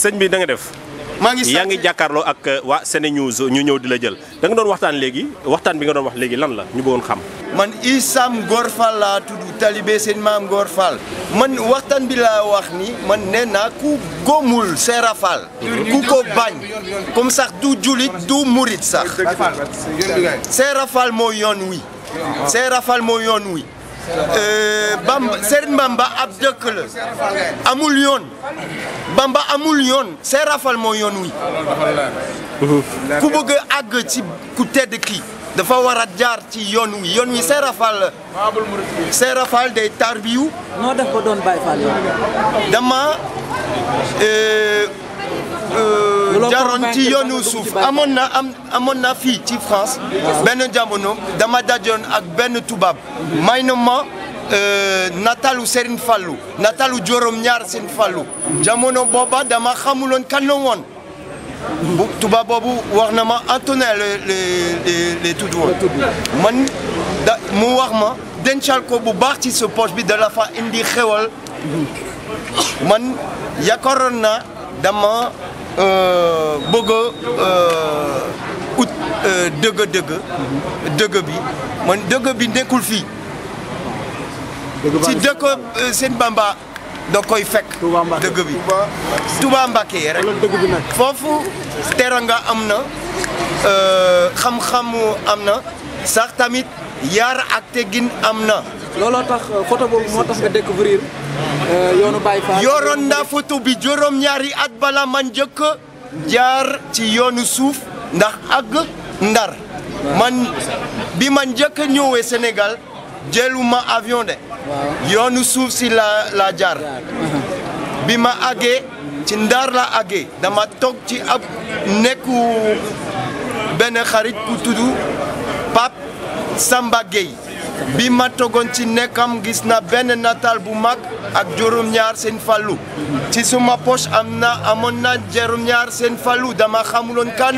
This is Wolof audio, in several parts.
sëñ bi da nga def. maa yaa ngi jàkkaarloo ak euh, waa Sene News ñu ñëw di la jël da nga doon waxtaan léegi waxtaan bi nga doon wax léegi lan la ñu bëggoon xam. man Issam Gor Fall laa tudd talibé seen maam Gor Fall man waxtaan bi laa wax ni man nee naa ku góomul Seera Fall ku ko bañ comme sax du julit du murit sax. Seera Fall moo yoon wi. Seera moo yoon wi. Euh, Bamba Serigne Bamba ab dëkk la amul yoon Bamba amul yoon Seex Rafal moo yoon wi ku bëgg a àgg ci ku tedd ki dafa war a jaar ci yoon wi yoon wi Seex Rafal la Seex Rafal day tarbiyu noo def ko doon Baay dama euh, jaroon ci yoonu suuf amoon na am amoon na fii ci France benn jamono dama dajoon ak benn tubaab may na ma euh, natalu Serigne Fallou natalu juróom ñaar Serigne Fallou jamono booba dama xamuloon kan woon tubaab boobu wax na ma Antonin le le man mu wax ma dencal ko bu baax ci sa poche bi da la fa indi xewal man yaakaaroon dama Euh, bëgg euh, ut euh, dëgg dëgg. dëgg bi man dëgg bi nekkul fi ci dëkk seen Bamba da koy fekk. dëgg bi Touba Mbacké rek. foofu teranga am na xam-xamu am na sax tamit yar ak teggin am na. looloo tax euh, photo boobu moo tax nga découvrir euh, yoonu Baye Fall. yoroon naa photo bi juróom-ñaari at bala ma njëkk jaar ci yoonu suuf ndax àgg ndar ma bi man njëkk ñëwee Sénégal jëluma avion de. yoonu suuf si la la jaar. bi ma àggee ci ndar la àggee dama toog ci ak nekku benn xarit ku tudd Pape Samba Gueye. bi ma togoon ci nekkam gis na benn nataal bu mag ak juróom-ñaar seen fallu ci suma poche am na amoon na juróom-ñaar seen fallu dama xamuloon kan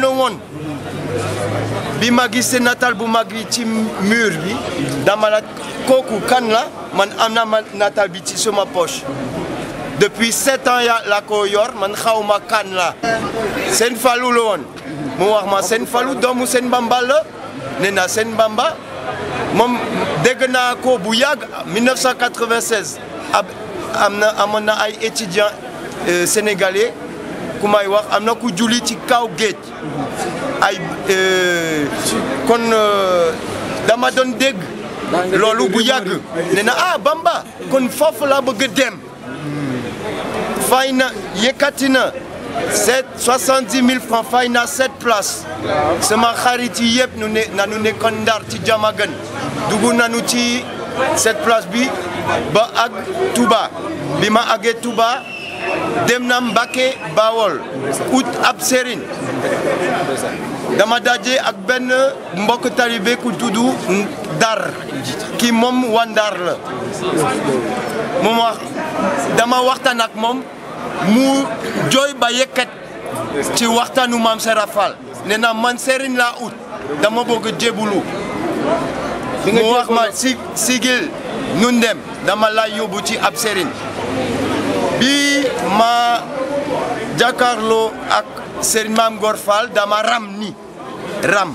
bi ma gisee nataal bu mag bi ci mur bi dama la kooku kan la man am na nataal bi ci suma poche depuis sept ans ya la ko yor man xawma kan la seen fallu la mu wax ma seen fallu doomu seen bamba la nee na seen bamba moom dégg naa ko bu yàgg 1996 ab am na ay étudiants euh, sénégalais ku may wax am na ku julli ci kaw géej ay euh, kon euh, dama doon dégg loolu bu yàgg nee na ah Bamba kon foofu laa bëgg a fay na yëkkati na sept soixante dix mille francs fay naa sept places sama xarit yi yëpp nu ne nanu nekkoon Ndar ci Diamaguène dugg nanu ci sept place bi ba ak Touba bi ma àggee Touba dem na Mbacké Bawol ut ab sëriñ dama daje ak benn mbokk talibé ku tudd Dar ki moom waa Ndar la moom dama waxtaan ak moom mu jooy ba yëkkat ci waxtaanu maam Serap Fall na man sëriñ laa ut dama bëgg jébulu mu wax ma si sigil nun dem dama laa yóbbu ci ab sëriñ bi ma jàkkaarloo ak sëriñ maam Gor Fall dama ram ni ram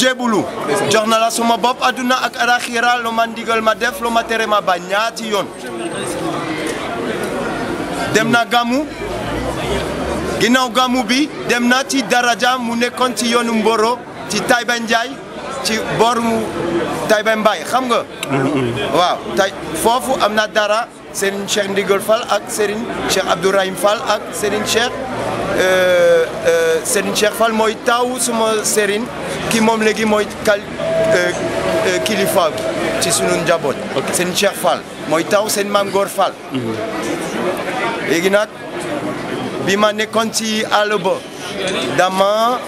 jébulu jox na la suma bopp àdduna ak araxira lu ma ndigal ma def lu ma tere ma ba ñaati yoon dem na gàmmu ginnaaw gàmmu bi dem na ci daraja mu nekkoon ci yoonu Mboro ci Taïba Ndiaye ci boor mu Taïba Mbaye xam nga. Mm-hmm. waaw foofu am na dara Serigne Cheikh Ndigal Fall ak Serigne Cheikh Abdourahim fal ak Serigne Cheikh euh, euh, Serigne Cheikh Fall mooy taw suma Serigne ki moom léegi mooy kal euh, kilifa ci sunu njaboot. seen Cheikh Fall mooy taw seen maam Góor Fall. Mhm. nag bi ma nekkoon ci àll dama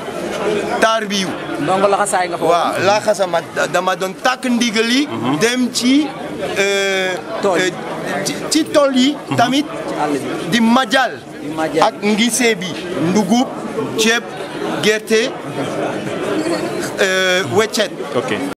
tarbiyu. donc laxasaay nga ma dama doon takk ndigal yi. Mhm. dem ci. Euh, tool euh, ci tool yi. Mhm. tamit di majal. ak ngise bi. ndugub ceeb gerte euh, weccet.